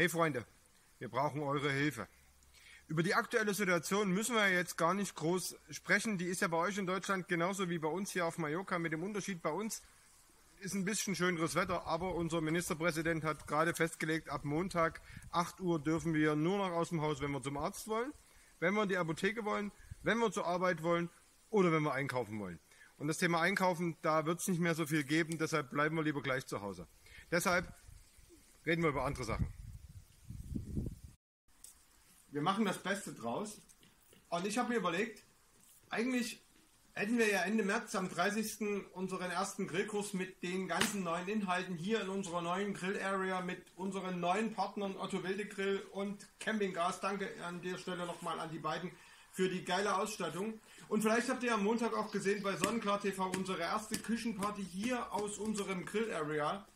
hey Freunde, wir brauchen eure Hilfe. Über die aktuelle Situation müssen wir jetzt gar nicht groß sprechen. Die ist ja bei euch in Deutschland genauso wie bei uns hier auf Mallorca mit dem Unterschied bei uns ist ein bisschen schöneres Wetter, aber unser Ministerpräsident hat gerade festgelegt, ab Montag 8 Uhr dürfen wir nur noch aus dem Haus, wenn wir zum Arzt wollen, wenn wir in die Apotheke wollen, wenn wir zur Arbeit wollen oder wenn wir einkaufen wollen. Und das Thema Einkaufen, da wird es nicht mehr so viel geben, deshalb bleiben wir lieber gleich zu Hause. Deshalb reden wir über andere Sachen wir machen das Beste draus. Und ich habe mir überlegt, eigentlich hätten wir ja Ende März am 30. unseren ersten Grillkurs mit den ganzen neuen Inhalten hier in unserer neuen Grill-Area mit unseren neuen Partnern Otto Wilde Grill und Campinggas. Danke an der Stelle nochmal an die beiden für die geile Ausstattung. Und vielleicht habt ihr am Montag auch gesehen bei Sonnenklar TV unsere erste Küchenparty hier aus unserem Grill-Area.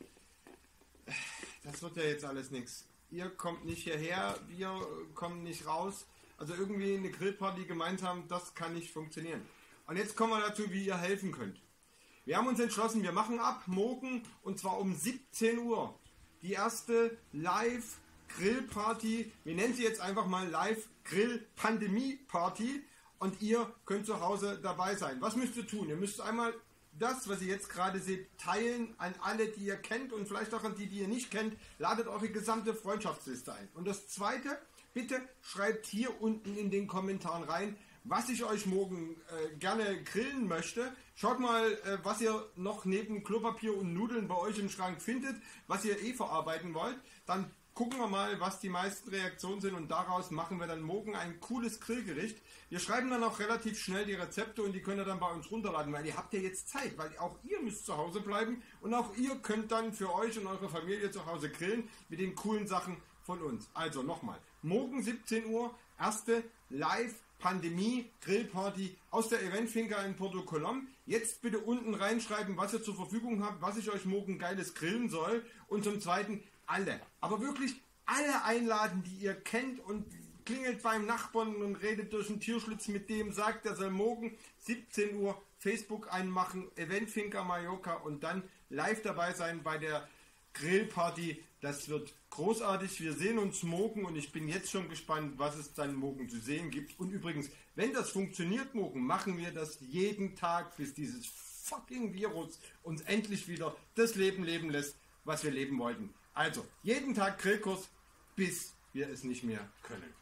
Das wird ja jetzt alles nichts ihr kommt nicht hierher, wir kommen nicht raus. Also irgendwie eine Grillparty gemeinsam, das kann nicht funktionieren. Und jetzt kommen wir dazu, wie ihr helfen könnt. Wir haben uns entschlossen, wir machen ab morgen und zwar um 17 Uhr die erste Live Grillparty. Wir nennen sie jetzt einfach mal Live Grill Pandemie Party und ihr könnt zu Hause dabei sein. Was müsst ihr tun? Ihr müsst einmal das, was ihr jetzt gerade seht, teilen an alle, die ihr kennt und vielleicht auch an die, die ihr nicht kennt. Ladet eure gesamte Freundschaftsliste ein. Und das Zweite, bitte schreibt hier unten in den Kommentaren rein, was ich euch morgen äh, gerne grillen möchte. Schaut mal, äh, was ihr noch neben Klopapier und Nudeln bei euch im Schrank findet, was ihr eh verarbeiten wollt. Dann Gucken wir mal, was die meisten Reaktionen sind und daraus machen wir dann morgen ein cooles Grillgericht. Wir schreiben dann auch relativ schnell die Rezepte und die könnt ihr dann bei uns runterladen, weil ihr habt ja jetzt Zeit, weil auch ihr müsst zu Hause bleiben und auch ihr könnt dann für euch und eure Familie zu Hause grillen mit den coolen Sachen, von uns. Also nochmal, morgen 17 Uhr, erste Live-Pandemie-Grillparty aus der Eventfinker in Porto Colom. Jetzt bitte unten reinschreiben, was ihr zur Verfügung habt, was ich euch morgen geiles grillen soll. Und zum Zweiten alle, aber wirklich alle einladen, die ihr kennt und klingelt beim Nachbarn und redet durch den Tierschlitz mit dem, sagt, er soll morgen 17 Uhr Facebook einmachen, Eventfinker Mallorca und dann live dabei sein bei der Grillparty. Das wird großartig. Wir sehen uns morgen und ich bin jetzt schon gespannt, was es dann morgen zu sehen gibt. Und übrigens, wenn das funktioniert, morgen, machen wir das jeden Tag, bis dieses fucking Virus uns endlich wieder das Leben leben lässt, was wir leben wollten. Also, jeden Tag Grillkurs, bis wir es nicht mehr können.